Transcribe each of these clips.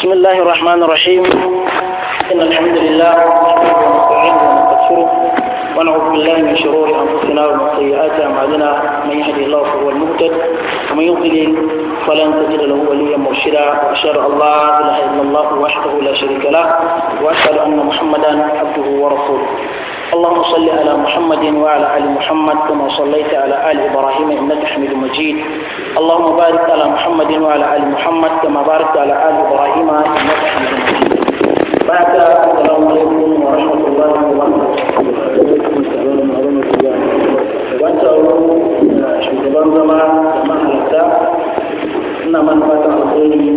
بسم الله الرحمن الرحيم إن الحمد لله ونعوذ بالله من شرور أنفسنا ومن سيئات أعمالنا من يهدي الله فهو المهتد ومن يضلل فلن تجد له وليا مرشدا وأشهد أن لا إله إلا الله وحده لا شريك له وأشهد أن محمدا عبده ورسوله اللهم صل على محمد وعلى ال محمد كما صليت على ال ابراهيم انك حميد مجيد اللهم بارك على محمد وعلى ال محمد كما باركت على ال ابراهيم انك حميد مجيد بعد السلام عليكم ورحمه الله وبركاته wata wuru shugaban zama da mahalarta ina manufatan alheri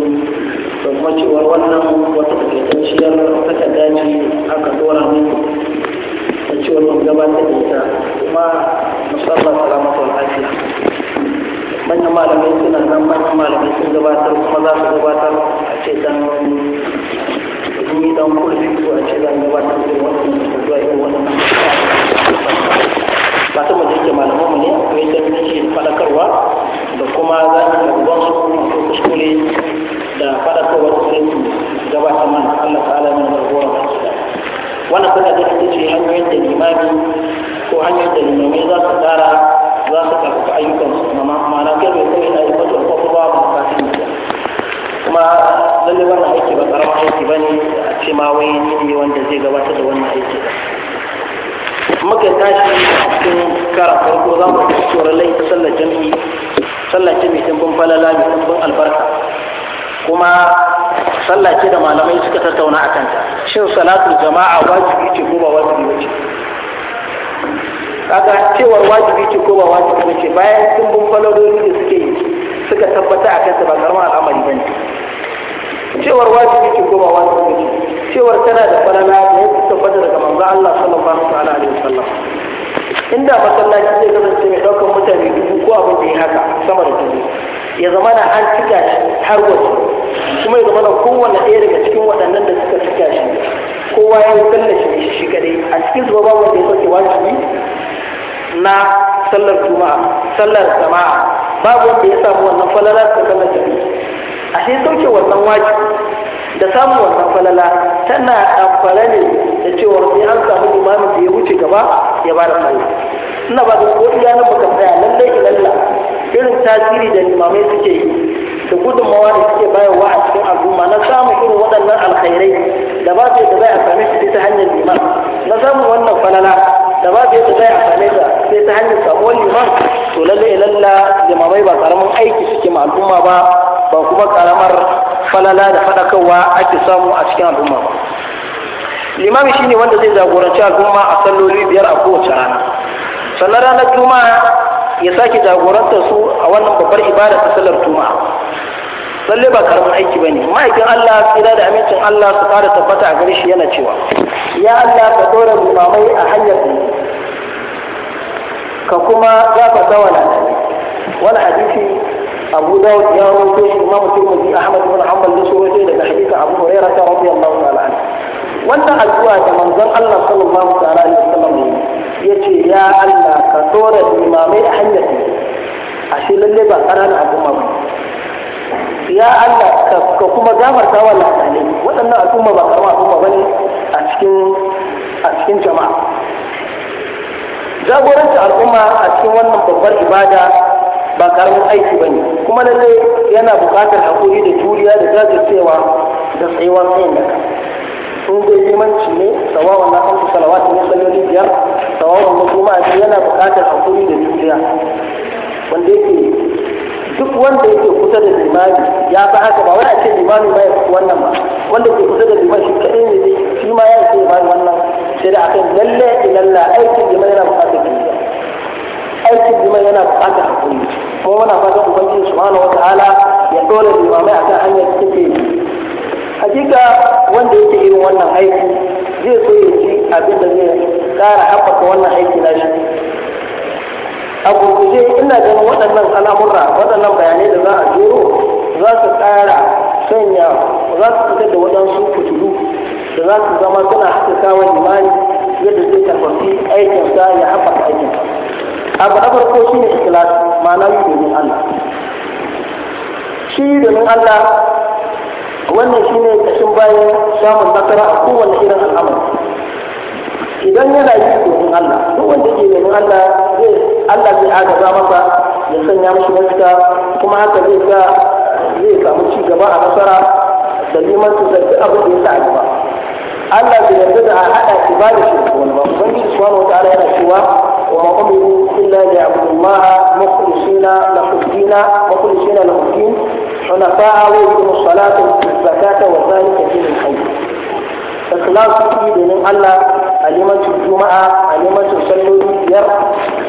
da kuma cewar wannan wata takaitacciyar takarda ce aka dora cewar mun gabatar da ita kuma musamman salamatul afiya manyan malamai suna nan manyan malamai sun gabatar kuma za su gabatar a ce dan ni dan kurfi ko a ce dan gabatar da wannan zuwa wannan ba ta mu jike malaman mu ne akwai yadda muke fadakarwa da kuma za kuskure da fadakarwa su gabatar mana Allah ta'ala limami ko hanyar da limami za su tara za su karɓi ayyukansu ma'ana kai bai kawai na yi fatar ko ba mu kafin kuma lalle wannan aiki ba karamar aiki ba ne a ce ma wai ni ne wanda zai gabatar da wannan aiki muka tashi a cikin karan farko za mu ci tsoron laifin sallar jami'i sallar jami'i sun bin falala mai sun albarka kuma sallah ce da malamai suka tattauna a kanta shin salatul jama'a wajibi ce ko ba wajibi ba ce kaga cewar wajibi ce ko ba wajibi ce bayan sun bin falaloli da suke yi suka tabbata a kansa ba karamar al'amari ba ne cewar wajibi ce ko ba wajibi ce cewar tana da falala da ya tabbata daga manzo Allah sallallahu alaihi wasallam inda masallaci zai kasance mai daukar mutane dubu ko abin da ya haka sama da dubu ya zama na an cika shi har wasu kuma ya zama na kowane ɗaya daga cikin waɗannan da suka cika shi kowa ya wutar da shi shi kadai a cikin zuwa babu da ya sauke wajibi na sallar juma'a sallar jama'a babu wanda ya samu wannan falala ta sallar jami a sai sauke wannan wajibi da samun wannan falala tana amfana ne da cewa sai an samu imamin da ya wuce gaba ya ba da sallah ina ba da ko iya nan baka tsaya lallai ilalla irin tasiri da limamai suke yi da gudunmawa da suke bayarwa a cikin al'umma na samun irin waɗannan alkhairai da ba su yadda zai a same shi sai ta hanyar liman na samun wannan falala da ba su yadda zai a same ta sai ta hanyar samuwar liman to lallai lalla limamai ba karamin aiki suke ma al'umma ba ba kuma karamar falala da faɗakarwa ake samu a cikin al'umma ba limami shine wanda zai jagoranci al'umma a salloli biyar a kowace rana sannan ranar juma'a ya sake jagorantar su a wannan babbar ibada ta sallar juma'a lalle ba karamin aiki ba ne. ma'aikin Allah tsira da amincin Allah su fara tabbata a gare shi yana cewa ya Allah ka ɗora limamai a hanyar ne ka kuma gafarta wa wani hadisi Abu Dawud ya rawaito shi Imam Tirmidhi Ahmad ibn Hanbal da shi rawaito daga hadisin Abu Hurairah radiyallahu ta'ala anhu wannan addu'a da manzon Allah sallallahu ta'ala alaihi wasallam yace ya Allah ka ɗora limamai a hanyar ne ashe lalle ba ƙananan al'umma ba ya Allah ka kuma gafarta wa lalane waɗannan al'umma ba karama al'umma ba a cikin a cikin jama'a jagorancin al'umma a cikin wannan babbar ibada ba karamin aiki bane kuma lalle yana buƙatar hakuri da juriya da jajircewa da tsayuwar tsayin daga sun dai limanci ne sawawan na kansu salawatu ne salloli biyar sawawan na kuma yana buƙatar hakuri da juriya wanda yake duk wanda yake kusa da limani ya fi haka ba wai a ce limami ba ya fi wannan ba wanda ke kusa da limani shi kaɗai ne shi ma ya fi limani wannan sai da akan lalle ilalla aikin liman yana buƙatar kimiyya aikin liman yana buƙatar hakuri kuma muna fatan ubangiji subhanahu wataala ya dole limamai akan hanyar da take hakika wanda yake irin wannan aiki zai so ya ji abin da zai ƙara haɓaka wannan aiki na shi a gurguje ina ganin waɗannan al'amurra waɗannan bayanai da za a jero za su ƙara sanya za su fitar da waɗansu fitilu da za su zama suna haɗa imani yadda zai aikin sa ya haɓaka aikin. abu na farko shi ne ikilas ma'ana yi domin allah shi domin allah wannan shi ne ƙashin bayan samun nasara a kowane irin al'amari idan yana yi domin allah duk wanda ke domin allah zai Allah zai ga masa ya sanya mashi mafita kuma haka zai ga zai samu ci gaba a nasara da neman su zargi abin da ya sa a Allah zai yarda da a haɗa ibada shi da wani ba ubangiji subhanahu wataala yana cewa wa illa ma mukhlishina illa liya'budu Allaha مخلصين له الدين مخلصين له الدين حنفاء ويقيموا الصلاة والزكاة وذلك دين الخير إخلاص في دين الله a limancin juma'a a limancin biyar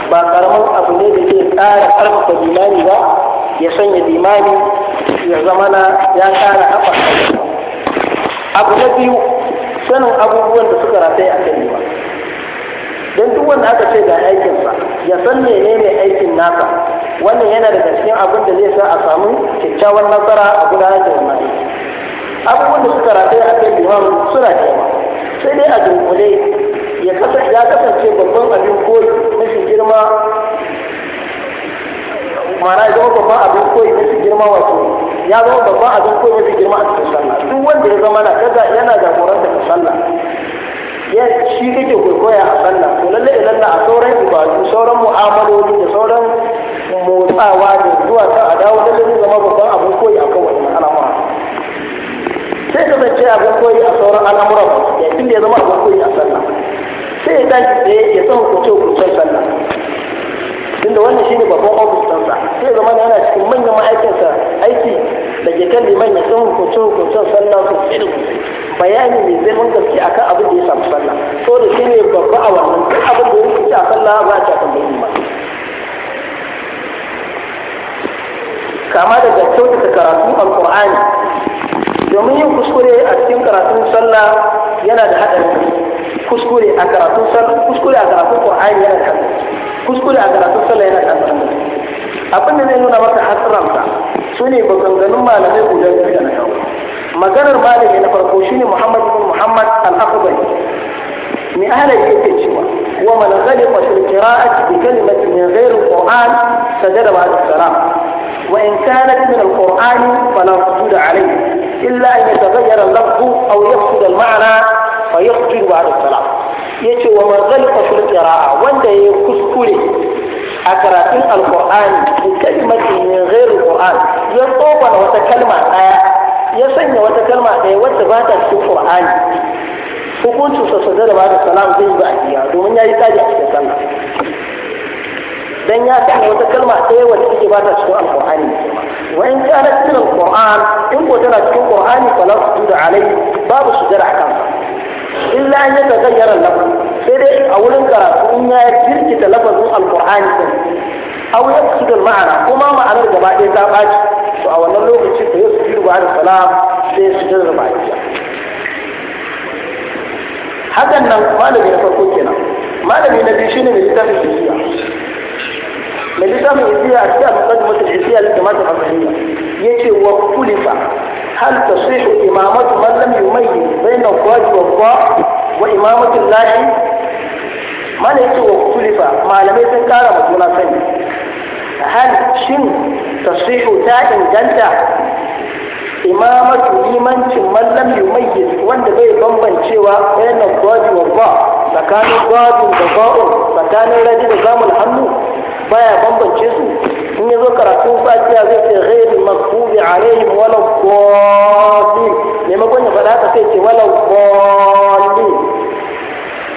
ba karamin abu ne da zai ƙara ƙarfafa limani ba ya sanya limani ya zamana ya ƙara haɓaka abu na biyu sanin abubuwan da suka rataye a kan ba don duk wanda aka ce ga aikinsa ya san mai aikin nasa wannan yana daga cikin abin da zai sa a samu kyakkyawan nasara a gudanar da wannan aiki abubuwan da suka rataye a kan limam suna cewa sai dai a dunkule ya kasance babban abin koyi shi girma mana ya zama babban abin koyi shi girma wato ya zama babban abin koyi shi girma a cikin sallah duk wanda ya zama na kaza yana jagoranta ta sallah ya shi kake kwaikwaya a sallah to lalle idan a sauran ibadu sauran mu'amaloli da sauran motsawa da zuwa ta a dawo da zai zama babban abin koyi akan wannan al'amura sai ka zance abin koyi a sauran al'amuran ya tun da ya tunda wannan ne babban ofis sa, sai zama yana cikin manyan ma'aikinsa aiki da ke kan liman ya san hukunce hukuncen sallah sosai da bayani mai mun gaske kan abin da ya samu sallah so da shi ne babba a wannan duk abin da ya fi a sallah ba a ci a bayani liman kama daga kyautata a alkur'ani domin yin kuskure a cikin karatun sallah yana da haɗari kuskure a karatun sallah kuskure a karatun qur'ani yana da haɗari kuskure a karatun sallah yana kasar abin da zai nuna maka hasiramsa su ne maganganun malamai guda biyu da na kawo maganar malami na farko shine muhammad ibn muhammad al-akhbari من أهل الكتاب ومن غلق في القراءة بكلمة من غير القرآن فجر بعد السلام وإن كانت من القرآن فلا سجود عليه إلا أن يتغير اللفظ أو يفسد المعنى فيسجد بعد السلام ya ce wa mazalika fil qira'a wanda ya kuskure a karatun alqur'ani bi kalimatin yin ghairi alqur'an ya tsokana wata kalma daya ya sanya wata kalma daya wacce ba ta cikin qur'ani hukuncin sa sadar ba da salam zai yi ba iya domin ya yi tsari a cikin sallah dan ya sanya wata kalma daya wacce take ba ta cikin alqur'ani wa in kana cikin alqur'an in ko tana cikin qur'ani fala sujuda alai babu sujada akan sa illa an yata gayyara lafaz sai dai a wurin karatu in ya jirkita lafazin alqur'ani din aw yaqsidul ma'ana kuma ma'anar gaba ɗaya ta ɓaci, to a wannan lokaci da ya sujudu ruwa da salam sai sujudu ba hakan nan malami na farko kenan malami na biyu shine mai littafin isiya mai littafin isiya a cikin muqaddimatul isiya littafin fahimta yace wa kulifa هل تصيح إمامة من لم يميز بين الضاد والضاء وإمامة الله ما ليس واختلف ما لم يكن كان مدون سني هل شن تصيح تاء جنتا إمامة إيمان من لم يميز وان بي بمبن شوى بين الضاد والضاء tsakanin gwajin da ba'un tsakanin rajin da zamun hannu baya bambance su in ya zo karatun fatiha zai ce ghairul maghdubi alaihim wala dhalin maimakon ya faɗa ka sai ce wala dhalin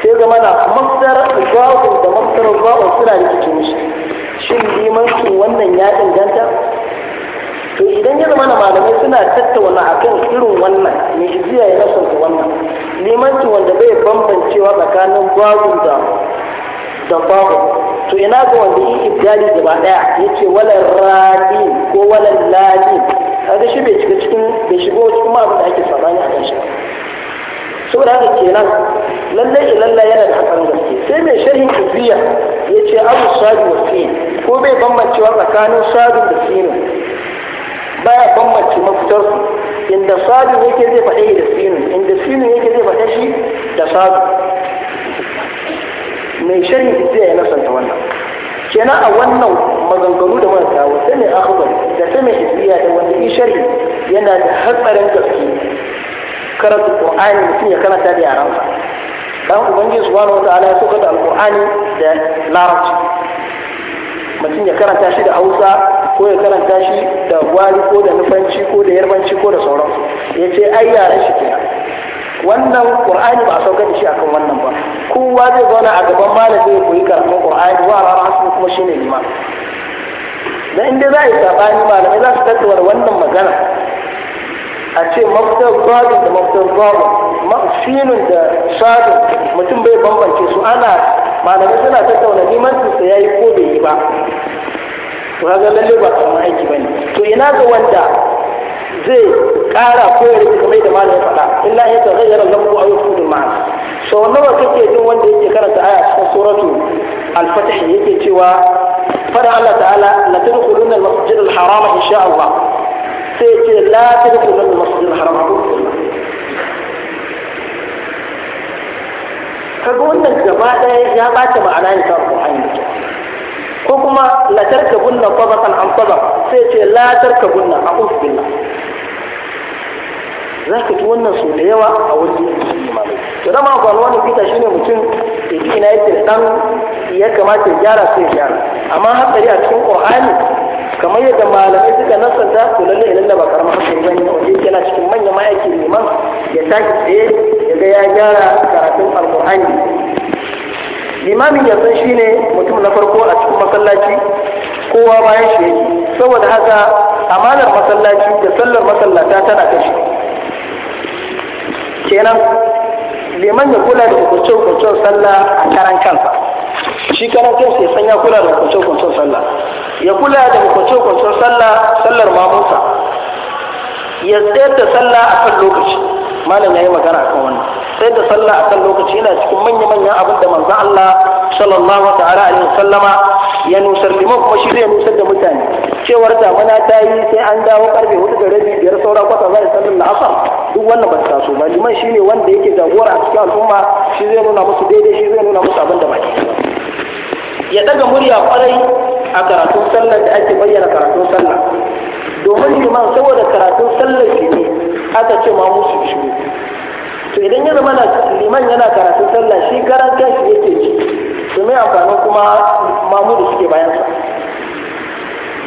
sai zama na masdar gawun da masdar gawun suna rikice mishi shin limancin wannan ya inganta to idan ya zama na malamai suna tattauna akan irin wannan ne jiya ya nasanta wannan limancin wanda bai bambancewa tsakanin gawun da da gawun to ina ga wanda yi ibdali gaba daya yace wala radi ko wala ladi kaga shi bai shiga cikin bai shigo cikin ma abin da ake sabani a kan shi saboda haka kenan lallai ilalla yana da hatsarin gaske sai mai sharhin ibiya ya ce abu sadu wa fi ko bai bambancewa tsakanin sadu da sinu baya bambance mafitar su, inda sadu yake zai faɗe da sinu inda sinu yake zai faɗe shi da sadu mai shari sai ya nasanta wannan kenan a wannan maganganu da muka kawo a mai akhbar da ta mai isiya da wanda yi shari yana da hatsarin gaske karatu ƙo'ani mutum ya karanta da yaransa dan ubangiji wata ala ya soka da alqur'ani da larabci mutum ya karanta shi da hausa ko ya karanta shi da gwari ko da nufanci ko da yarbanci ko da sauransu ya ce ai yaran shi kenan wannan qur'ani ba a sauka da shi akan wannan ba kowa zai zauna a gaban malami ya koyi karatun qur'ani wa a rasul kuma shine liman dan inda za a yi sabani malamai za su tattauna wannan magana a ce mafitar zalim da mafitar zalim sinun da sadin mutum bai bambance su ana malamai suna tattauna su ya yi ko bai yi ba to ga lalle ba kamar aiki ba ne to ina ga wanda zai ƙara ko ya rage kamar da malam ya faɗa illa ya ta zayyara lafu a yau kudin ma'ana so nawa kake jin wanda yake karanta aya cikin suratu al-fatih yake cewa fara Allah ta'ala la tadkhuluna al-masjid al-haram insha Allah sai ce la tadkhuluna al-masjid al-haram kaga wannan gaba ɗaya ya bata ma'ana ne ta Qur'ani ko kuma la tarkabunna tabaqan an tabaq sai ce la tarkabunna a'udhu billah za ka ji wannan sau da yawa a wajen imamai to dama ku ne fita shine mutum ya ina yake da dan ya kamata ya gyara sai ya gyara amma hatsari a cikin qur'ani kamar yadda malamai suka nasanta to lalle lalle ba karamar ne bane wanda yana cikin manyan ma'aikin liman ya tashi tsaye ya ga ya gyara karatun alqur'ani limamin ya san shine mutum na farko a cikin masallaci kowa bayan shi saboda haka amanar masallaci da sallar masallata tana kashi kenan liman ya kula da hukunce-hukuncen sallah a karan kansa shi karan kansa ya sanya kula da hukunce-hukuncen sallah ya kula da hukunce-hukuncen sallah sallar mamunsa ya tsayar da sallah a kan lokaci malam ya yi magana kan wannan tsayar da sallah a kan lokaci yana cikin manya-manyan abin da manzan Allah sallallahu ta'ala alaihi sallama. ya nusar liman kuma shi zai nusar da mutane cewar damana ta yi sai an dawo karfe hudu da rabi biyar saura kwata za a sallar la'asar duk wannan ba ta taso ba liman shi ne wanda yake jagora a cikin al'umma shi zai nuna musu daidai shi zai nuna musu abin da ba ya daga murya kwarai a karatun sallar da ake bayyana karatun sallar domin liman saboda karatun sallar shi ne aka ce ma musu shiru to idan ya zama liman yana karatun sallah shi karan shi yake ji mai amfanin kuma mamu da suke bayan sa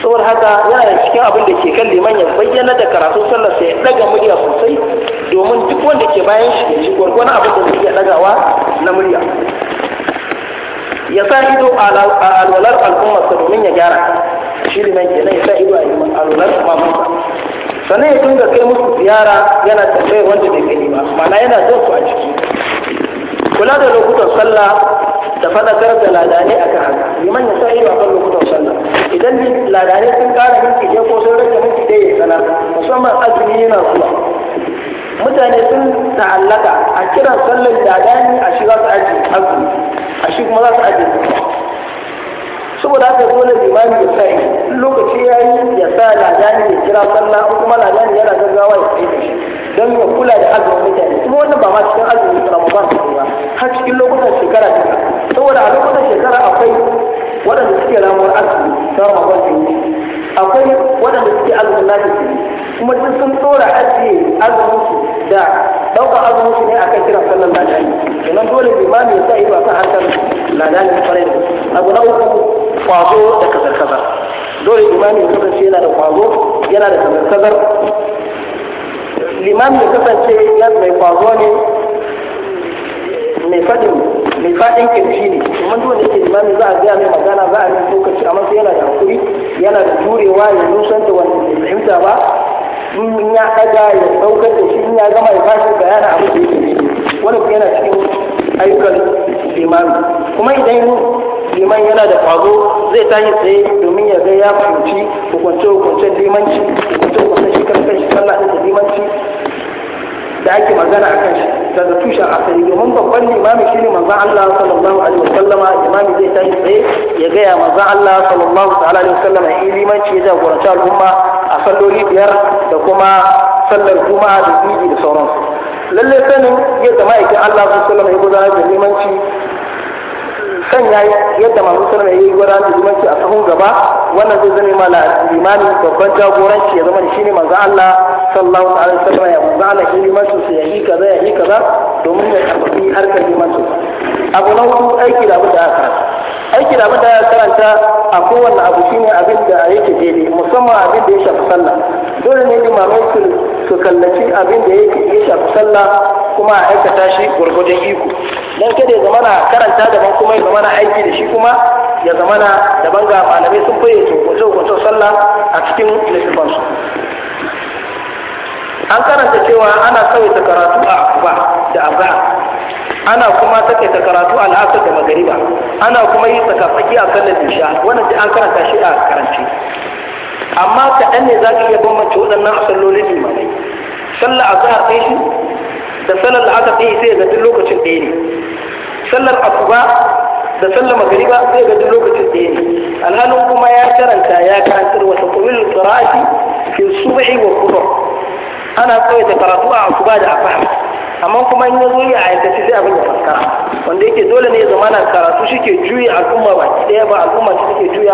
saboda haka yana da cikin abin da ke kan liman ya bayyana da karatun sallar sa ya daga murya sosai domin duk wanda ke bayan shi ya ci gwargwana abin da zai iya dagawa na murya ya sa ido a alwalar sa domin ya gyara shi liman nan ya sa ido a alwalar mamunsa sannan ya dinga kai musu ziyara yana tambayar wanda bai gani ba mana yana jin su a ciki kula da lokutan sallah da fadakar da ladane a kan haka liman ya sa'i ba kan lokutan sallah idan ladane sun kara minti ɗaya ko sun rage minti ɗaya ya sanar musamman azumi yana zuwa mutane sun ta'allaka a kiran sallar ladani a shi za su aji azumi a shi kuma za su aji saboda haka dole limami ya sa'i lokaci ya yi ya sa ladani ya kira sallah kuma ladani yana gaggawa ya tsaye da shi don ya kula da azumin mutane kuma wannan ba ma cikin azumin ramadan ne ba har cikin lokutan shekara ta. saboda a lokutan shekara akwai waɗanda suke ramuwar azumi ta ramadan su yi akwai waɗanda suke azumin nashi su yi kuma duk sun tsora ajiye azumin su da ɗauka azumin su ne a kan kiran sallan ladani kenan dole limami ya sa ido a kan harkar ladani kwarai abu na uku kwazo da kazar-kazar dole imami ya kasance yana da kwazo yana da kazar-kazar liman ya kasance ya mai kwazo ne mai fadin mai fadin kirji ne kuma duk wanda yake limami za a gaya mai magana za a yi lokaci a sai yana da hakuri yana da jurewa ya nusanta wanda bai fahimta ba in ya daga ya daukar da shi in ya gama ya bashi bayana abu da yake wani kuma yana cikin ayyukan limami kuma idan liman yana da kwazo zai tashi tsaye domin ya ga ya fahimci hukunce hukuncen limanci hukunce hukuncen shi kan shi sallah ɗin da limanci da ake magana a kan shi daga tushen asali domin babban limami ne manzon Allah sallallahu alaihi wasallama imami zai tashi tsaye ya ga ya manzon Allah sallallahu alaihi wasallama ya limanci ya jagoranci al'umma a salloli biyar da kuma sallar juma'a da idi da sauransu lalle sanin yadda ma'aikin Allah sallallahu alaihi wasallama ya gudanar da limanci yi yadda masu sallallahu ya yi gwada limanci a sahun gaba wannan zai zama mala limani babban jagoranci ya zama shine manzo Allah sallallahu alaihi wasallam ya manzo Allah shi su ya yi kaza yi kaza domin ya karbi harkar limanci abu na hudu aiki da abin da aka aiki da abin da karanta a kowanne abu shine abin da yake daidai musamman abin da ya shafi sallah dole ne limamai su kallaci abin da yake ya shafi sallah kuma a aikata shi gwargwadon iko don kada ya zama na karanta daban kuma ya zama na aiki da shi kuma ya zama na daban ga malamai sun fayyace hukunce-hukuncen sallah a cikin littafansu an karanta cewa ana tsawaita karatu a afuba da azhar ana kuma takaita karatu a al'asar da magariba ana kuma yi tsakafaki a sallar isha wannan duk an karanta shi a karance amma kaɗan ne za ka iya bambance waɗannan a sallolin limamai sallar azhar ɗaya shi da sallar la'asar ɗaya sai ga duk lokacin ɗaya ne sallar asuba da sallar magariba sai ga duk lokacin ɗaya ne alhalin kuma ya karanta ya karantar wata kumilin tsirashi fi subhi wa kudur ana tsawaita karatu a asuba da asahar amma kuma in ya zo ya aikace sai abin ya fuskara wanda yake dole ne zama na karatu shi ke juya al'umma ki daya ba al'umma ce take juya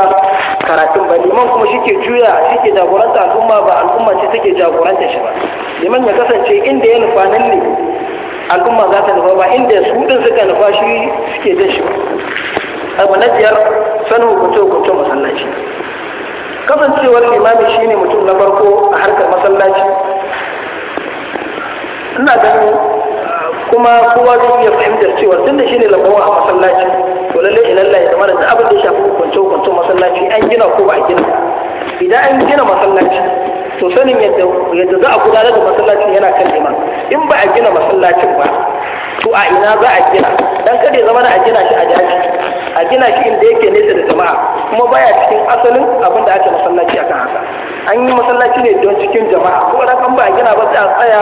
karatun ba liman kuma shi ke juya shi ke jagoranta al'umma ba al'umma ce take jagoranta shi ba liman ya kasance inda ya nufa nan ne al'umma za ta nufa ba inda su din suka nufa shi suke jan shi abu na biyar sanin hukunce hukunce masallaci kasancewar limami shine mutum na farko a harkar masallaci ina ganin kuma kowa zai iya fahimtar cewa tun da shine lamawa a masallaci to lalle Allah ya zama da abin da ya shafi hukunce hukuncen masallaci an gina ko ba a gina idan an gina masallaci to sanin yadda za a gudanar da masallacin yana kan liman in ba a gina masallacin ba to a ina za a gina dan kada ya zama da a gina shi a daji a gina shi inda yake nesa da jama'a kuma baya cikin asalin abin da ake masallaci akan haka an yi masallaci ne don cikin jama'a ko da an ba a gina ba sai a tsaya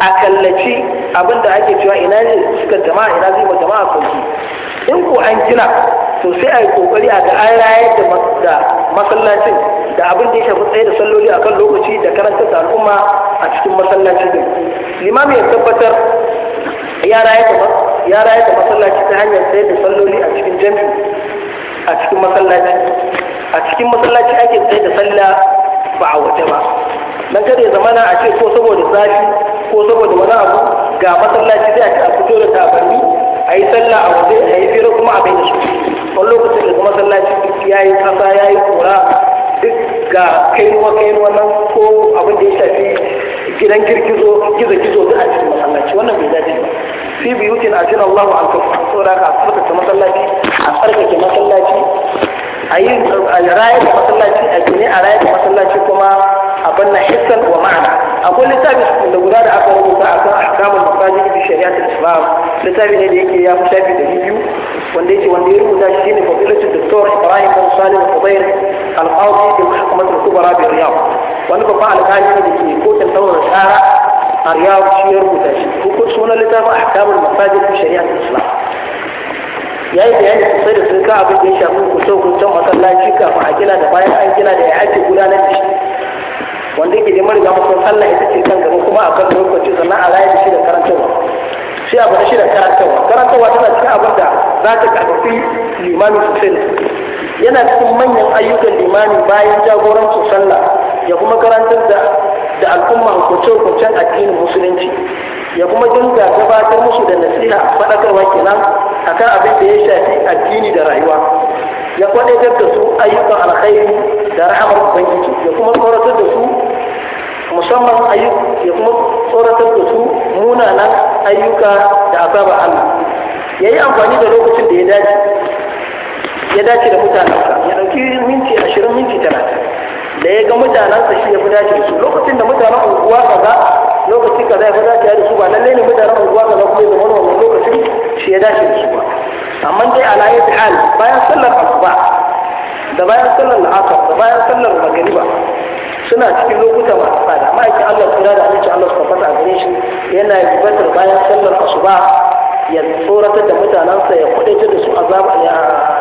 a kallaci abin da ake cewa ina ne suka jama'a ina zai ma jama'a sauki in ko an gina to sai a yi kokari a ga an rayar da masallacin da abin da ya shafi tsaye da salloli kan lokaci da karantar da al'umma a cikin masallaci din limami ya tabbatar ya rayar da ya raya da masallaci ta hanyar sayar da salloli a cikin jami a cikin masallaci a cikin masallaci ake sayar da sallah ba a waje ba dan kada ya zamana a ce ko saboda zafi ko saboda wani abu ga masallaci zai a ce a fito da tabarni a yi sallah a waje a yi fira kuma a bai da su wani lokacin da kuma masallaci ya yi kasa ya yi kura duk ga kainuwa kainuwa nan ko abin da ya shafi gidan girgizo gizo gizo duk a cikin masallaci wannan bai dace ba fi biyutin ajin Allahu an kafa saboda ka asibita ta masallaci a tsarkake masallaci a yi rayar da masallaci a gine a rayar da masallaci kuma a banna hissan wa ma'ana akwai littafi da guda da aka rubuta a kan ahkamul masajid bi shari'at al-islam littafi ne da yake ya fi shafi da biyu wanda yake wanda ya rubuta shi ne fadilatul doktor Ibrahim bin Salim Al-Qubayr al-Qadi bi mahkamatul kubra bi Riyadh wani babban alƙali ne da ke kotun tsawon tsara ya الرياض شيء رمضة شيء وكل a لتابع masajin المفاجر في شريعة الإسلام ya yi bayani sosai da sun ka abin da ya shafi kusa-kusan masallaci kafin a gina da bayan an gina da ya ake gudanar da shi wanda yake neman riga mutum sallah ita ce kan gaba kuma a kan lokaci sannan a rayar da shi da karantarwa shi abu na shi da karantarwa karantarwa tana cikin abin da za ta karfafi limami sosai da yana cikin manyan ayyukan limami bayan jagorancin sallah ya kuma karantar da da al'umma hukunce-hukuncen addinin musulunci ya kuma dinga gabatar musu da nasiha faɗakarwa kenan akan abin da ya shafi addini da rayuwa ya kwaɗe da su ayyukan alkhairi da rahamar ubangiji ya kuma tsoratar da su musamman ayyuka ya kuma tsoratar da su munanan ayyuka da azaba Allah ya yi amfani da lokacin da ya dace ya dace da mutanensa ya ɗauki minti ashirin minti talatin da ya ga mutanensa shi ya fi dace da su lokacin da mutanen unguwa lokacin lokaci kaza ya fi dace da su ba lallai ne mutanen unguwa kaza kuma ya zama wannan lokacin shi ya dace da su ba amma dai layi yadda hal bayan sallar asuba da bayan sallar la'asar da bayan sallar magariba suna cikin lokuta masu tsada ma'aikin allah kula da aminci allah su tabbata a gare shi yana yi bayan sallar asuba ya tsoratar da mutanensa ya kudaitar da su azaba ya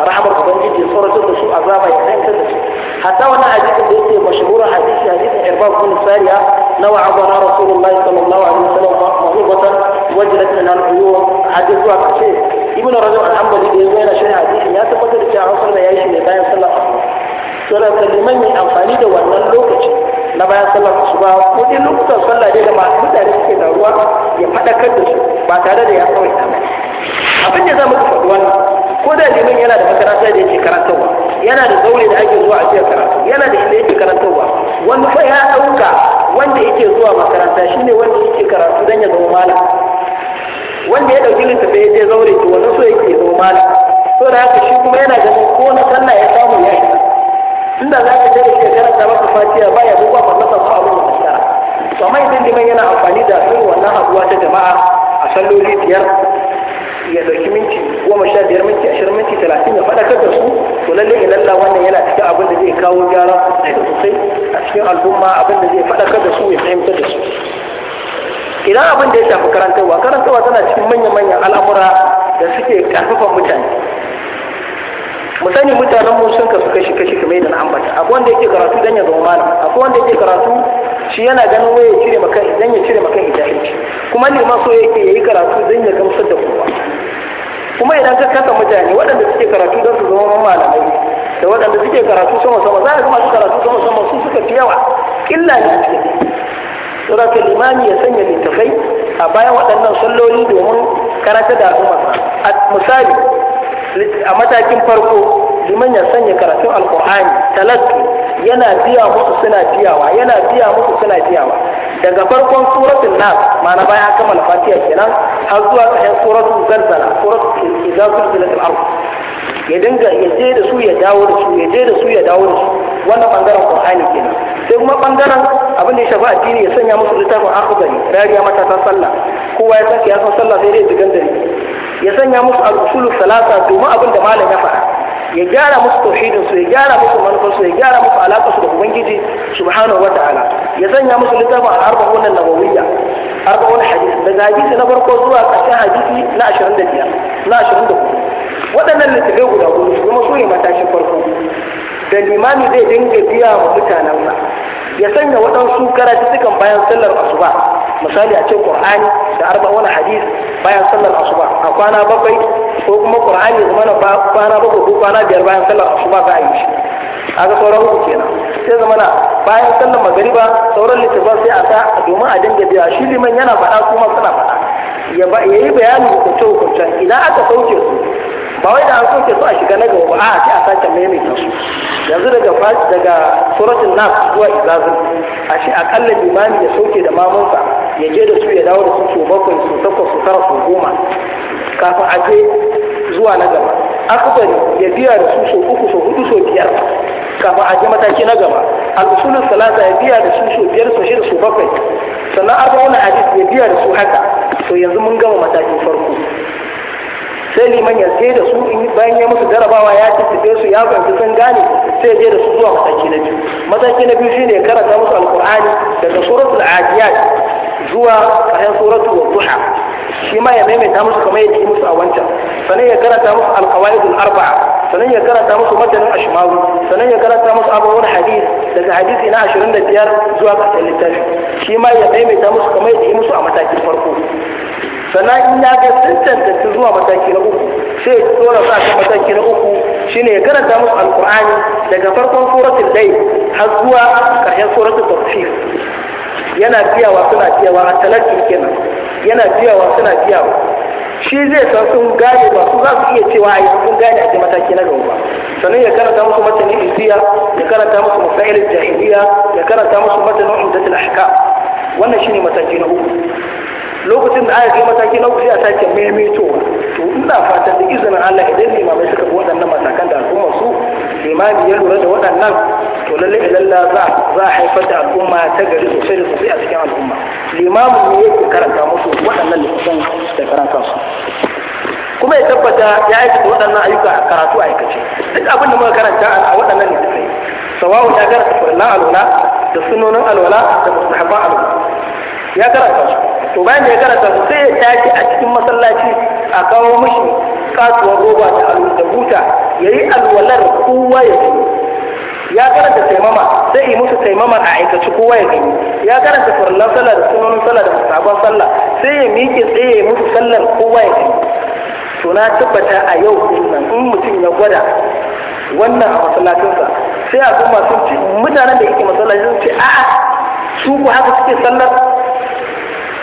rahamar ubangiji ya tsoratar da su azaba ya fahimtar da su hatta wani hadisi da yake mashhurar hadisi hadisin irbab bin sariya na wa'adana rasulullahi sallallahu alaihi wasallam mahmudatan wajilat lana al-uyum hadisi zuwa kace ibnu rajab al-hanbali da yazo yana shirya hadisin ya tabbatar da cewa rasul da yayi shi ne bayan sallar asuba sallar liman mai amfani da wannan lokacin na bayan sallar ba, ko dai lokutan sallah ne da mutane suke da ruwa ya kan da su ba tare da ya tsawai ba abin da za mu faɗi wannan ko da liman yana da makaranta da yake karantarwa yana da zaure da ake zuwa a cikin karatu yana da inda yake karantarwa wani fa ya ɗauka wanda yake zuwa makaranta shine wanda yake karatu dan ya zama malam wanda ya ɗauki littafi ya je zaure to wani so yake zama malam da haka shi kuma yana ganin ko na sallah ya samu ya yi. inda za ka tare ka karanta maka Fatiya ba ya buwa fallasa ba abu da shara to amma idan liman yana amfani da irin wannan haduwa ta jama'a a salloli biyar ya dauki minti goma sha biyar minti ashirin minti talatin ya faɗakar da su to lallai ilalla wannan yana cikin abin da zai kawo gyara sosai da sosai a cikin al'umma abin da zai faɗakar da su ya fahimtar da su idan abin da ya shafi karantarwa karantarwa tana cikin manya-manyan al'amura da suke karfafa mutane mu mutanen mu sun kasu kashi kashi kamar yadda na ambata akwai wanda yake karatu dan ya zama malam akwai wanda yake karatu shi yana ganin waye ya cire maka dan ya cire maka hijabinci kuma ne ma so yake yayi karatu dan ya gamsar da kowa kuma idan ka kasa mutane waɗanda suke karatu don su zama malamai da waɗanda suke karatu sama sama za a ga masu karatu sama sama su suka fi yawa illa ne suke saboda ka limami ya sanya littafai a bayan waɗannan salloli domin karanta da al'umma misali a matakin farko liman ya sanya karatun alkur'ani talatu, yana biya musu suna biyawa yana biya musu suna biyawa daga farkon suratul nas ma'ana bayan kammala fatiha kenan har zuwa ƙarshen suratul zalzala suratul idza zulzilat al-ard ya dinga ya je da su ya dawo da su ya je da su ya dawo da su wannan bangaren qur'ani kenan sai kuma bangaren abin da ya shafi addini ya sanya musu littafin akhbari rariya matasa sallah kowa ya san ya san sallah sai dai digan dare ya sanya musu al-usulu salasa domin abin da malam ya faɗa ya gyara musu tauhidin su ya gyara musu manufar su ya gyara musu alaƙa su da ubangiji subhanahu wa ta'ala ya sanya musu littafin al-arba'un an-nawawiyya arba'un hadith daga hadisi na farko zuwa ƙarshen hadisi na 25 na 24 waɗannan littafai guda goma, hudu kuma su ne matashin farko da limami zai dinga biya wa mutanen mutanensa ya sanya waɗansu karatuttukan bayan sallar asuba misali a ce qur'ani da arba wani hadis bayan sallar asuba a kwana bakwai ko kuma qur'ani kuma na kwana bakwai ko kwana biyar bayan sallar asuba za a yi shi a ga sauran uku kenan sai zama na bayan sallar magariba sauran littafan sai a sa domin a dinga biya shi liman yana faɗa kuma suna faɗa ya yi bayanin hukunce hukuncen idan aka sauke su ba wai da an soke su a shiga na gaba a ce a sake maimaita su yanzu daga fashi daga suratul nas zuwa izazin a shi akalla limani ya soke da mamunsa ya je da su ya dawo da su su bakwai su takwas su tara su goma kafin a je zuwa na gaba akubari ya biya da su so uku so hudu so biyar kafin a je mataki na gaba al'usulun salata ya biya da su so biyar so shida so bakwai sannan abubuwan hadis ya biya da su haka to yanzu mun gama matakin farko sai liman ya sai da su bayan ya musu jarabawa ya tattafe su ya fahimci sun gane sai je da su zuwa mataki na biyu mataki na biyu shine karanta musu alqur'ani daga suratul adiyat zuwa kayan suratul duha shi ma ya maimaita musu kamar yadda yi musu a wancan sannan ya karanta musu alqawaidul arba'a sannan ya karanta musu matanin ashmaru sannan ya karanta musu abubuwan hadis daga hadisi na 25 zuwa ƙarshen littafi shi ma ya maimaita musu kamar yadda yi musu a matakin farko sannan in ya ga sun tantance zuwa mataki na uku sai ya tsora su kan mataki na uku shine ya karanta musu Alqur'ani daga farkon suratul dai har zuwa ƙarshen suratul tafsir yana biyawa suna biyawa a talatin kenan yana biyawa suna biyawa shi zai san sun gane ba su za su iya cewa a yi sun gane a mataki na gaba sannan ya karanta musu matan isiya ya karanta musu masailin jahiliya ya karanta musu matan da al haka wannan shine mataki na uku lokacin da aka kai mataki na uku sai a sake maimaitowa to ina fatan da izinin Allah idan limamai suka bi waɗannan matakan da al'umma su limami ya lura da waɗannan to lalle ilalla za za a haifar da al'umma ta gari sosai da sosai a cikin al'umma Limamu ne yake karanta musu waɗannan littafan da karanta su kuma ya tabbata ya aikata waɗannan ayyuka a karatu a aikace duk abin da muka karanta a waɗannan littafai sawa'un ya karanta furillan alwala da sunonin alwala da mustahabban alwala ya karanta su to bayan da ya karanta su sai ya tashi a cikin masallaci a kawo mishi katuwar roba ta alu da buta ya yi alwalar kowa ya gani ya karanta taimama sai yi musu taimama a aikaci kowa ya gani ya karanta farallan sallah da sunanin sallah da sabon sallah sai ya miƙe tsaye ya musu sallar kowa ya gani to na tabbata a yau dinnan in mutum ya gwada wannan a masallacinsa sai a kuma sun ce mutanen da yake masallacin sun ce a'a su ku haka suke sallar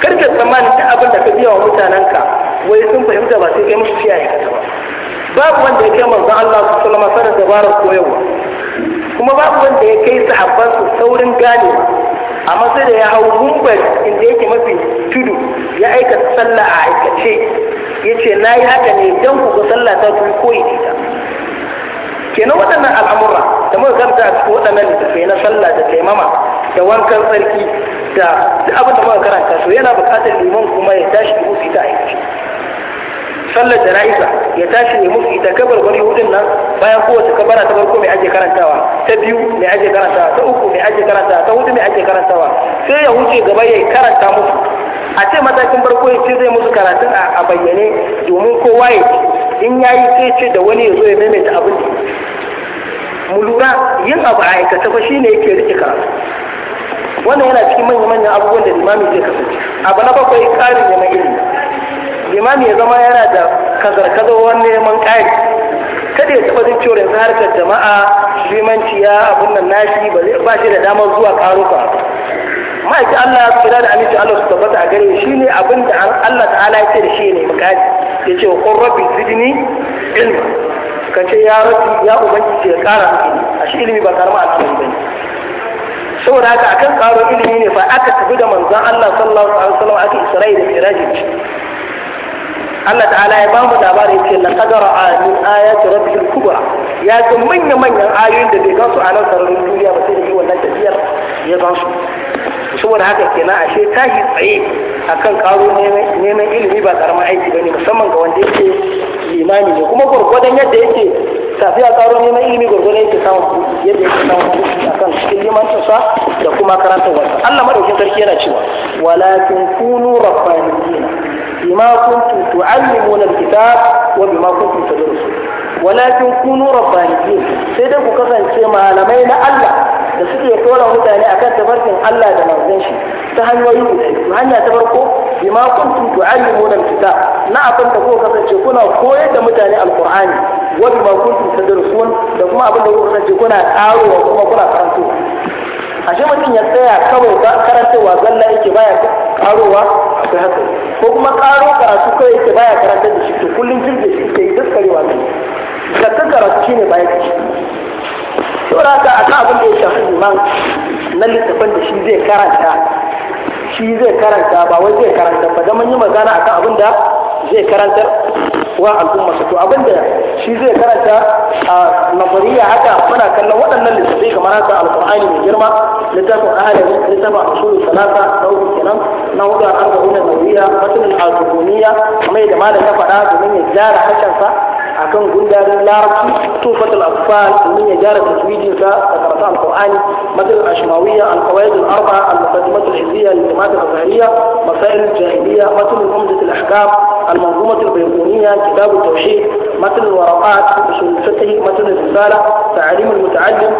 karkar tsammanin ta abin da ka biya wa mutanenka wai sun fahimta ba sai kai musu fiya ya kata ba babu wanda ya kai manzon Allah su sallama sanar dabarar koyarwa kuma babu wanda ya kai sahabban su saurin gane amma sai da ya hau mumbar inda yake mafi tudu ya aika sallah a aikace ya ce na yi haka ne don ku ga sallah ta fi koyi ita kenan waɗannan al'amura da muka karanta a cikin waɗannan littattafai na sallah da taimama da wankan tsarki da duk abin da muka karanta so yana buƙatar liman kuma ya tashi da musu ita aikace sallar jana'iza ya tashi ne musu ita kabar wani hudun nan bayan kowace kabara ta farko mai ake karantawa ta biyu mai ake karantawa ta uku mai ake karantawa ta hudu mai ake karantawa sai ya wuce gaba ya karanta musu a ce matakin farko ya ce zai musu karatun a bayyane domin kowa ya ce in yi sai ce da wani ya zo ya maimaita abin da mu lura yin abu a aikata fa shine yake rike karatu wannan yana cikin manya-manyan abubuwan da limami zai kasance abu na bakwai ƙarin neman ilimi limami ya zama yana da kazar-kazar neman ƙari kada ya taɓa jin cewa yanzu harkar jama'a limanci ya abun nan nashi ba shi da damar zuwa ƙaruka ma'aikin Allah kira da aminci Allah su tabbata a gare shi ne abin da Allah ta'ala ya ce da shi ne mukadi ya ce wa kun rabbi zidni ilma kan ce ya rabbi ya ubangiji ce ƙara a shi ilimi ba karama al'amari bane saboda haka akan karo ilimi ne fa aka tafi da manzan Allah sallallahu alaihi wasallam aka isra'i da Mi'raj Allah ta'ala ya bamu labarin ce la qadara min ayati rabbil kubra ya ga manya manyan ayoyin da bai gansu a nan sararin duniya ba sai da yi wannan tafiyar ya gansu saboda haka kenan ashe tashi tsaye akan karo neman ilimi ba karamin aiki bane musamman ga wanda yake limani ne kuma gurgurdan yadda yake tafiya karo neman ilimi gurgurdan yake samun yadda yake samun kuɗi akan cikin limancinsa da kuma karanta wata. Allah madaukin sarki yana cewa walakin kunu rabbaniyina بما كنتم تعلمون الكتاب وبما كنتم تدرسون ولكن كونوا ربانيين سيدك كفن سيما لمين الله da suke tora mutane akan tabarkin Allah da manzon shi ta hanyoyi guda biyu hanya ta farko bima kuntum tu'allimuna alkitab na abin da kuka kasance kuna koyar da mutane alqur'ani wa bima kuntum tadrusun da kuma abin da kuka kasance kuna karowa kuma kuna karantowa ashe mutum ya tsaya kawai ba karantarwa zalla yake baya karowa kai haka ko kuma karo karatu kawai yake baya karantar da shi to kullum jirgin shi ke daskarewa ne zakka karatu ne baya da shi saboda haka kan abin da ya shafi liman na littafin da shi zai karanta shi zai karanta ba wai zai karanta ba zaman yi magana akan abin da zai karantar wa al'ummarsa to abinda shi zai karanta a nazariya haka muna kallon waɗannan littafi kamar haka alƙur'ani mai girma littafin ahalin littafin usul salasa na uku kenan na hudu arba'una nazariya matan mai mai ma malam ya faɗa domin ya gyara sa. akan gundarin larabci tufatul afsal min ya gyara tajwidinsa da karatu alqur'ani madal ashmawiyya alqawaid al-arba al-muqaddimat al-hizbiyya al-limat al-azhariyya masail al-jahiliyya matn umdat al-ahkam المنظومة البيقونية كتاب التوحيد متن الورقات أصول الفقه متن الرسالة تعليم المتعلم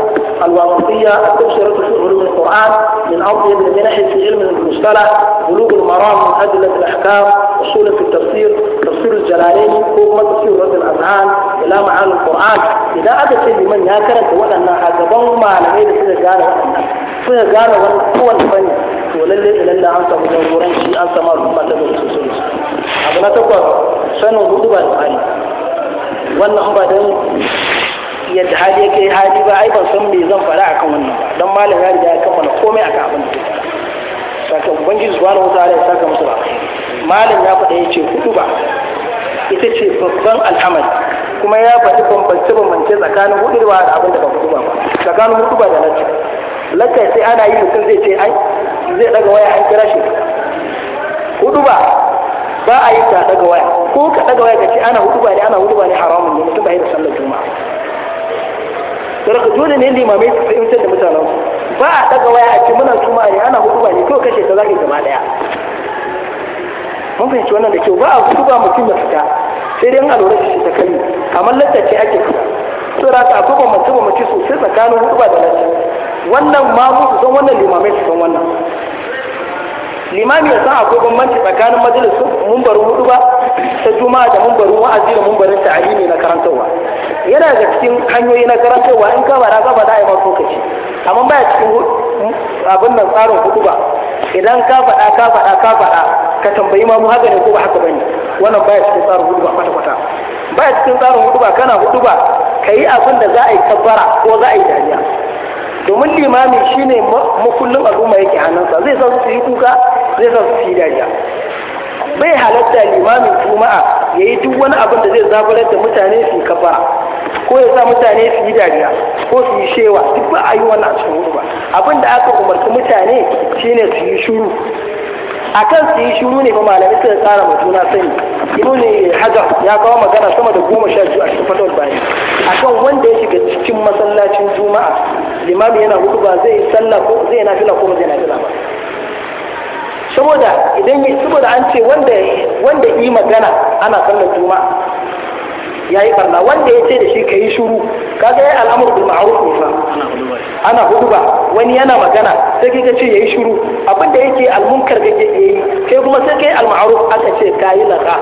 الواسطية تبشرة في علوم القرآن من أطيب المنح في علم المصطلح بلوغ المرام من أدلة الأحكام أصول في التفسير تفسير الجلالين كوما تفسير رد الأذهان إلى معاني القرآن إذا أدت لمن يكرت أن هذا ما على غير سيدة قال سيدة قال هو الفن ولله إلا الله أنت مجرورين شيء أنت تدور تدرس هذا أبنا تقول سنو هدوبة الآية وأنهم بعدين yadda hali yake hali ba ai ban san me zan faɗa akan wannan ba dan malam ya riga ya kammala komai akan abin da zai faɗa saka ubangiji subhanahu wataala ya saka musu ba malam ya faɗa yace hudu ba ita ce babban al'amari kuma ya faɗi bambance bambance tsakanin hudu ba da abin da ba hudu ba tsakanin hudu ba da lacci lacci sai ana yi mutum zai ce ai zai daga waya an kira shi hudu ba ba a yi ta daga waya ko ka daga waya ka ce ana hudu ba ne ana hudu ba ne haramun ne mutum ba yi da sallar juma'a sarrafa dole ne limamai su fahimtar da mutanen su ba a daga waya a ce muna tuma ne ana hudu ba ne kawai kashe ta zaka gaba daya mun fahimci wannan da kyau ba a hudu ba mutum da fita sai dai a lura shi ta kai amma lantarki ake fita to da ka akwai mutum mutum sosai tsakanin hudu ba da lantarki wannan ma mu san wannan limamai su san wannan limami ya san akwai bambanci tsakanin majalisun mumbarin hudu ba ta juma'a da mumbarin wa'azi da mumbarin ta'alimi na karantarwa yana da cikin hanyoyi na karantarwa in ka bara gaba da ayyukan lokaci amma baya cikin abin nan tsarin hudu ba idan ka faɗa ka faɗa ka faɗa ka tambayi ma mu haka ne ko ba haka bane wannan baya cikin tsarin hudu ba kwata kwata baya cikin tsarin hudu ba kana hudu ba kayi abin da za a yi tabbara ko za a yi dariya domin limami shine makullin al'umma yake hannunsa zai sa su yi kuka sai su fi dariya bai halatta limamin juma'a ya yi duk wani abin da zai zaburar da mutane su kafa ko ya sa mutane su yi dariya ko su yi shewa duk ba a yi wannan a cikin hudu ba abin da aka umarci mutane shine su yi shuru kan su yi shuru ne ba malamai suka tsara ma juna sani ne hajar ya kawo magana sama da goma sha biyu a cikin fatawar a kan wanda ya shiga cikin masallacin juma'a limami yana hudu ba zai sallah ko zai nafila ko ba zai nafila ba saboda idan yi saboda an ce wanda wanda yi magana ana sallar ya yi barna wanda ya ce da shi ka yi shuru kaga ya al'amur bil ma'ruf ne fa ana huduba wani yana magana sai kai ka ce yayi shuru abinda da yake almunkar ga ke yi kai kuma sai kai al ma'ruf aka ce kai laka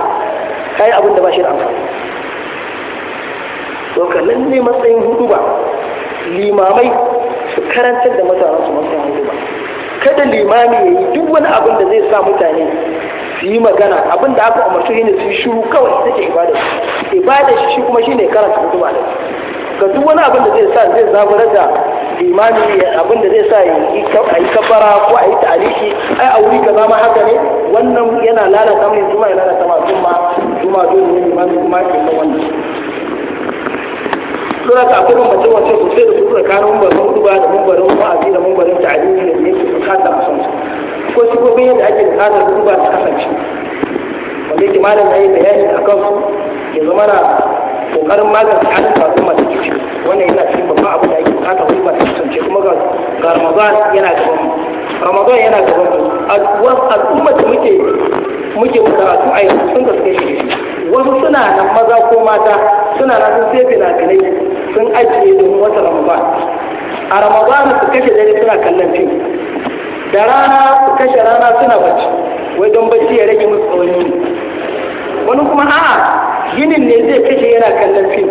kai abin da ba shi da amfani to kallan ne matsayin huduba limamai su karantar da mutanen su matsayin huduba kada limami ya yi duk wani abin da zai sa mutane su yi magana abin da aka umarci shi ne su yi shiru kawai su take ibada ibada shi kuma shi ne karanta hudu da ga duk wani abin da zai sa zai zaburar da limami abin da zai sa a yi kafara ko a yi ta'aliki ai a wuri ga zama haka ne wannan yana lalata mai zuma yana lalata ma zuma zuma dole ne limami kuma ke san wannan. Sura ta akwai mace wace sai da tsakanin mumbarin huduba da mumbarin wa'azi da mumbarin ta'alimi da yake bukatar musamman ko sigobin yadda ake bukatar huduba ta kasance wanda yake malam na yi bayani a kan su ke zama na kokarin magance halin faruwar masu kici wannan yana cikin babban abu da ake bukatar wani masu kasance kuma ga ramadan yana gaban ramadan yana gaban mu al'umma da muke muke karatu a yanzu sun gaske shi wasu suna nan maza ko mata suna nan sun sai fina gane sun ajiye domin wata ramadan a ramadan su kashe dare suna kallon fim da rana su kashe rana suna bacci wai don bacci ya rage musu tsawon yini wani kuma a'a yinin ne zai kashe yana kallon fim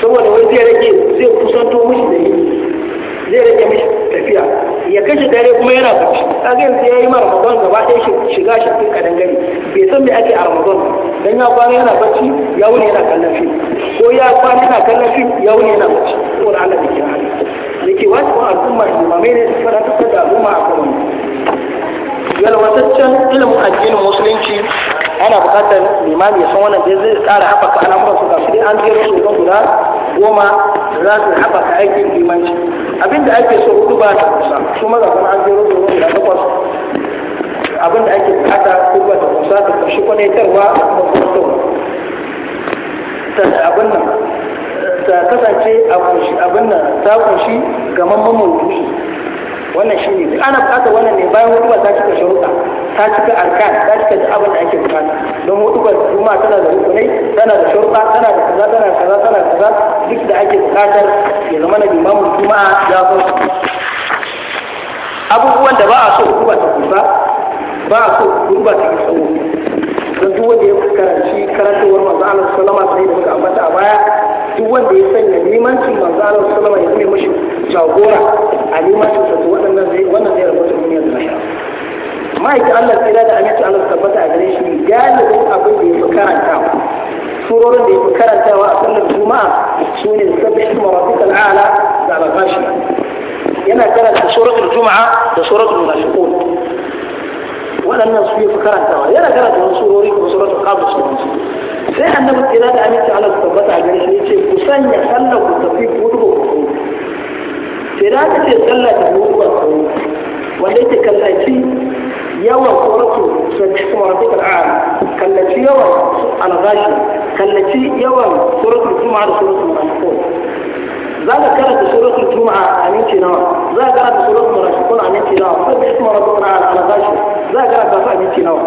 saboda wai zai rage zai kusanto mushi da yini zai rage mishi tafiya ya kashe dare kuma yana bacci kaga yanzu ya yi ramadan gaba ɗaya shiga shi cikin kadan gari bai san me ake a ramadan dan ya kwana yana bacci ya wuni yana kallon fim ko ya kwana yana kallon fim ya wuni yana bacci ko da Allah bikin hali yake wasu al'umma imamai ne su fara tafiya da al'umma a kan yalwataccen ilimin addinin musulunci ana bukatar limami ya san wannan da zai tsara haɓaka al'amuran su ga su dai an jero su guda goma za su haɓaka aikin limanci abinda ake so hudu ba ta kusa su maza kuma an jero da wani da takwas abinda ake bukata hudu ba ta kusa ta kushi tarwa a kuma kwanaitarwa abin nan ta kasance a kunshi abin nan ta kunshi gaman mamman kunshi wannan shi ne ana bukatar wannan ne bayan hudubar ta cika shuruka ta cika arkan ta cika duk abin da ake bukata don hudubar juma tana da rukunai tana da shuruka tana da kaza tana da kaza tana da kaza duk da ake bukatar ya zama na imamu juma'a ya zo abubuwan da ba a so hudubar ta kusa ba a so hudubar ta kusa don duk wanda ya karanci karantowar manzo Allah sallama sai da suka ambata a baya duk wanda ya sanya limancin manzo Allah sallallahu alaihi wasallam ya mishi jagora a limancin sa wannan zai wannan zai rubuta duniya da lahira ma'aiki Allah tsira da aminci Allah tabbata a gare shi galibin abin da ya fi karantawa surorin da ya fi karantawa a sallar juma'a su ne sabbihi mawaqit al'ala da al-ghashiya yana karanta suratul juma'a da suratul munafiqun ولا الناس فيه فكرة ترى يلا قرأت رسول وريك رسولة القابس سيء أن الإلاد أمنت على الصبات على الجنة يتشي وسن يخلق التطبيق بوله وفهوله سيء أن تتلق وليت كالتي يوى صورته سنشف مرتبك العالم كالتي يوى على غاشي كالتي يوى صورة الجمعة على صورة المعنفون ذاك كانت صورة الجمعة عن انتنا ذاك كانت صورة مرتبك عن انتنا فنشف مرتبك العالم على غاشي za a gara kasa minti nawa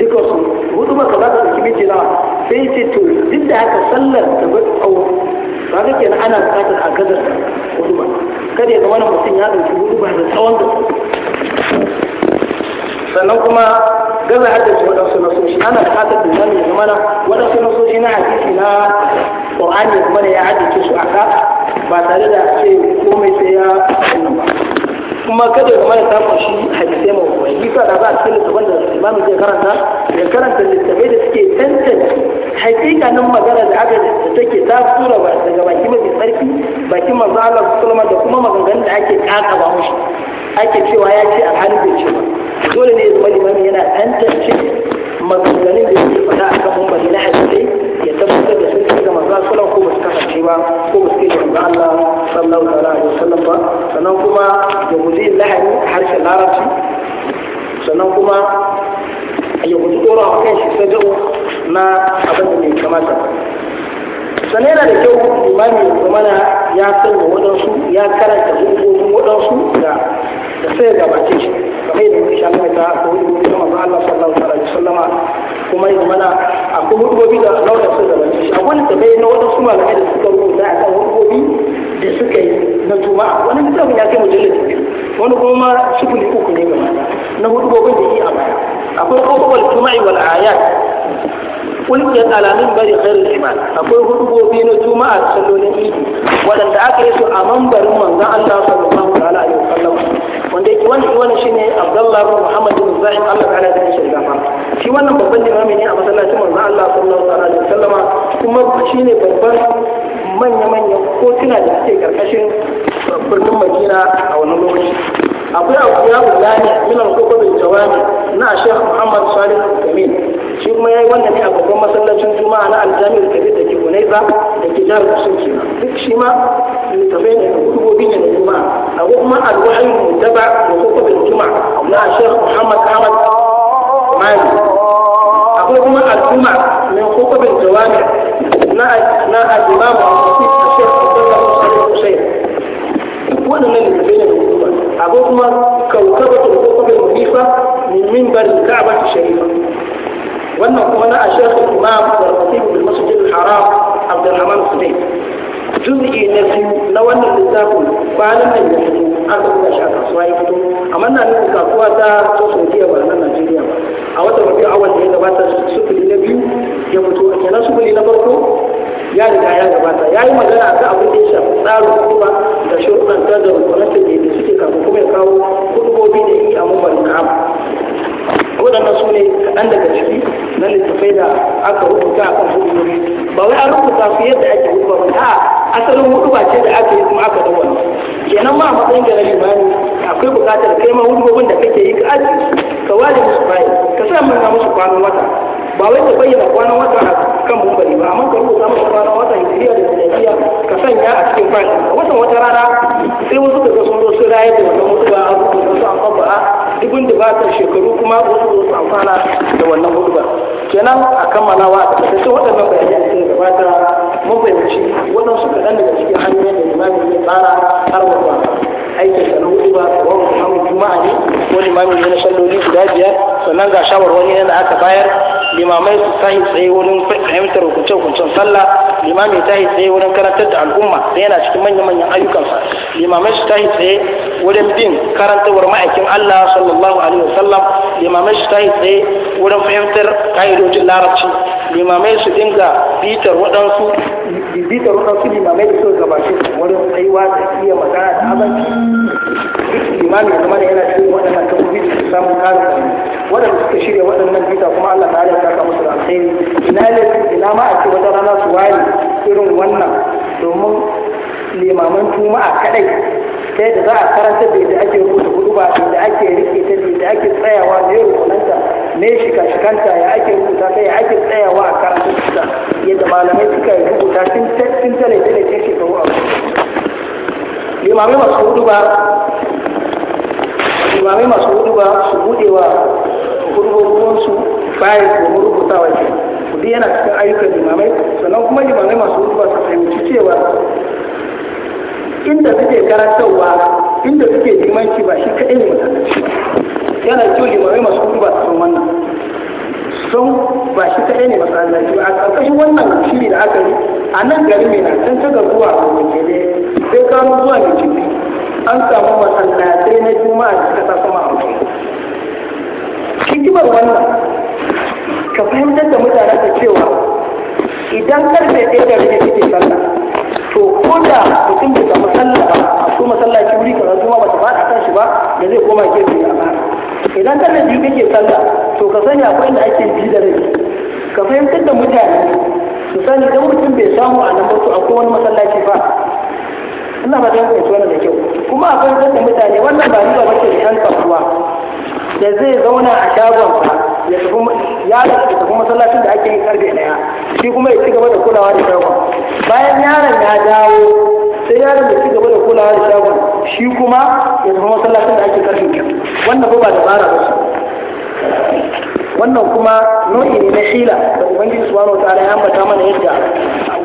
duka su hudu ba ka za ta ɗauki minti nawa sai ce to duk da haka sallar ta bar tsawo ba ka kenan ana buƙatar a gazar hudu ba kada ya zama mutum ya ɗauki hudu ba da tsawon da sannan kuma gaza haddace waɗansu nasoshi ana buƙatar da zami ya zama waɗansu nasoshi na hadisi na ƙur'ani ya zama ya haddace su a ka ba tare da ce komai sai ya ba kuma kada ya kuma ya samu shi hadisai mawuwai bisa da ba a cikin littafin da imamu zai karanta ya karanta littafai da suke tantance hakikanin magana da aka da take ta tura daga baki mafi tsarki bakin manzo Allah da kuma maganganun da ake ba mushi ake cewa ya ce alhali bai ce ba dole ne zuwa limami yana tantance maganganun da yake faɗa a kan mummari na hadisai ya tabbatar da sun da manzo sallallahu ko basu kasance ba ko basu kai da manzo Allah sallallahu alaihi sallam ba sannan kuma ya guji lahani harshen larabci sannan kuma ya guji a kan shi sajau na abin da bai kamata sannan yana da kyau imami ya zamana ya sanya waɗansu ya karanta hukumomin waɗansu da da sai gabace shi kamar yadda muke shan ta ko hudu ta manzo Allah sallallahu alaihi wasallama kuma yi mana akwai hudubobi da Allah da sai gabace shi akwai da bai na wadansu malamai da suka rubuta akan hudubobi da suka yi na juma'a wani littafin ya kai mujallati wani kuma shifili uku ne gaba na hudubobin da yi a baya akwai kofar juma'i wal ayat ƙungiyar alamin bari khairul iman akwai hudubobi na juma'a sallolin idi waɗanda aka yi su a mambarin manzon Allah sallallahu alaihi wasallam wanda yake wannan wani shine Abdullah bin Muhammad bin Zaid Allah ta'ala da shi da shi wannan babban limami ne a masallacin manzo Allah sallallahu alaihi wasallama kuma shine babban manya-manyan kotuna da suke karkashin birnin Madina a wannan lokaci akwai abu ya bulani min al-qutub jawami na Sheikh Muhammad Salih Al-Kamin shi kuma yayi wannan ne a babban masallacin Juma'a na Al-Jami' Al-Kabir da ke Gunaiza da ke jihar Kusun kenan duk shi ma littafai ne da kutubobin ne na Juma'a akwai kuma al-wahyi mutaba da qutub al-Juma'a na Sheikh Muhammad Ahmad Mali akwai kuma al-Juma'a min qutub al-jawami na na al-Imam Al-Sheikh Abdullah Musa Al-Husayn wannan ne littafai ne عبدهما كوكبة القطب المخيفة من منبر الكعبة الشريفة والنقمنا الشيخ الإمام والخطيب بالمسجد الحرام عبد الرحمن الصديق جزئي نفسي لو أن الإنسان قال فعلا ما يجب أن تكون أشعر أصوائكم أما أن الإنسان قوة تصوصية وأن الجريمة أو تربيع أول هذا بات سبل النبي يبتو أكينا سبل نبركم ya riga ya gabata ya yi magana ta abin da ya shafi tsarin kuma da shirkan ta da rukunanta da suke kafin kuma ya kawo kudubobi da yi a mumbar ka'aba waɗanda su ne kaɗan daga ciki na littafai da aka rubuta a kan hukumomi ba wai an rubuta su yadda ake rubuta ba a asalin hudu ba ce da aka yi kuma aka dawo ne kenan ma a matsayin gare limani akwai buƙatar kai ma hudubobin da kake yi ka aji ka ware musu bayi ka sa manna musu kwanan wata ba wai ka bayyana kwanan wata a kan bumbari ba amma ka rubuta masa kwanan wata hijiriya da hijiriya ka sanya a cikin fan wannan wata rana sai wasu daga sun zo sun rayar da wannan mutuwa a rubuta su an kwamba a dubin ta shekaru kuma wasu zo su amfana da wannan mutuwa kenan a kammalawa a tattace waɗannan bayanai sun gabata mun fahimci waɗansu kaɗan daga cikin hanyoyin da limamin ya tsara har wata aikin sa ba juma'a ne ko limami ne na salloli guda biyar sannan ga shawarwari ne da aka bayar limamai su yi tsaye wurin fahimtar hukunce-hukuncen sallah limami ta yi tsaye wurin karantar da al'umma da yana cikin manya-manyan ayyukansa limamai su ta yi tsaye wurin bin karantarwar ma'aikin Allah sallallahu alaihi wasallam limamai su ta yi tsaye wurin fahimtar ka'idojin larabci limamai su dinga bitar waɗansu bitar waɗansu limamai da suka gabace wurin tsayuwa da iya magana da azanci imani ya zama yana cikin waɗannan kafofi da su samu kare kare waɗanda suka shirya waɗannan bita kuma Allah ta ya saka musu alkhairi ina ne ina ma a ce wata rana su waye irin wannan domin limaman juma'a kaɗai ta yadda za a karanta da yadda ake rubuta hudu ba da ake rike ta da yadda ake tsayawa da yau rukunanta ne shika-shikanta ya ake rubuta ta ya ake tsayawa a karanta yadda malamai suka rubuta tun tale-tale shekaru a limamai masu hudu ba limamai masu hudu ba su bude wa hudubobinsu bayan rubuta wa ke kudi yana cikin ayyukan limamai sannan kuma limamai masu hudu ba su fahimci cewa inda suke karantarwa inda suke limanci ba shi kaɗai ne mutane yana kyau limamai masu hudu ba su san wannan sun ba shi kaɗai ne masu a ƙarƙashin wannan shiri da aka yi a nan gari mai na can ta garuwa a wajen samu zuwa da ciki an samu masallatai na juma'a da suka sa sama hamsin hikimar wannan ka fahimtar da mutane da cewa idan karfe ɗaya da rage kike sallah to ko da mutum bai samu sallah ba a so masallaci wuri kamar juma'a ba ta faɗa kan shi ba da zai koma ke ya ba idan karfe biyu kake sallah to ka sani akwai inda ake bi da rage ka fahimtar da mutane su sani idan mutum bai samu a nan ba to akwai wani masallaci ba ina ba don fahimci wannan da kyau kuma a fahimtar da mutane wannan ba riba bace da yan kasuwa da zai zauna a shagonsa ya tafi ya tafi masallacin da ake yin karfe daya shi kuma ya ci gaba da kulawa da shagon bayan yaron ya dawo sai yaron ya ci gaba da kulawa da shagon shi kuma ya tafi masallacin da ake karfe wannan ba da dabara ba wannan kuma nau'i ne na shila da ubangiji subhanahu wataala ya ambata mana yadda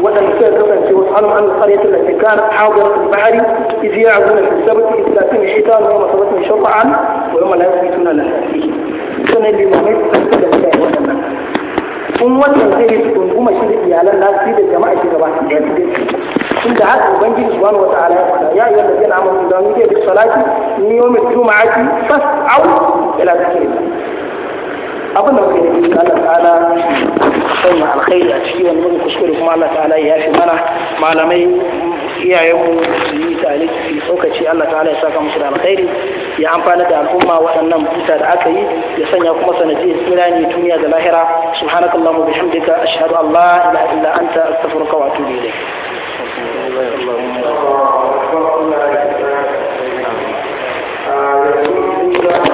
waɗanda suka kasance wasu alam an tsariyar tallafi kan haɗar bahari izi ya azuna fi sabati islatin shita na yamma sabatin shafa'an wa yamma la yasu tuna la sanan limamai da suka yi kun wannan zai yi kuma shi da iyalan nasu da jama'a ke gaba da shi gaba ɗaya su dai عند عهد البنجي سبحانه وتعالى يا أيها الذين آمنوا إذا نودي بالصلاة من يوم الجمعة فاسعوا إلى ila الله abin da muka yi da Allah ta'ala sanya alkhairi a ciki wani muka kuskure kuma Allah ta'ala ya fi mana malamai iyayenmu su yi taliki su tsokaci Allah ta'ala ya saka musu da alkhairi ya amfana da al'umma waɗannan buta da aka yi ya sanya kuma sanadiyar tsira ne duniya da lahira subhanakallahu bihamdika ashhadu an la ilaha illa anta astaghfiruka wa atubu ilayk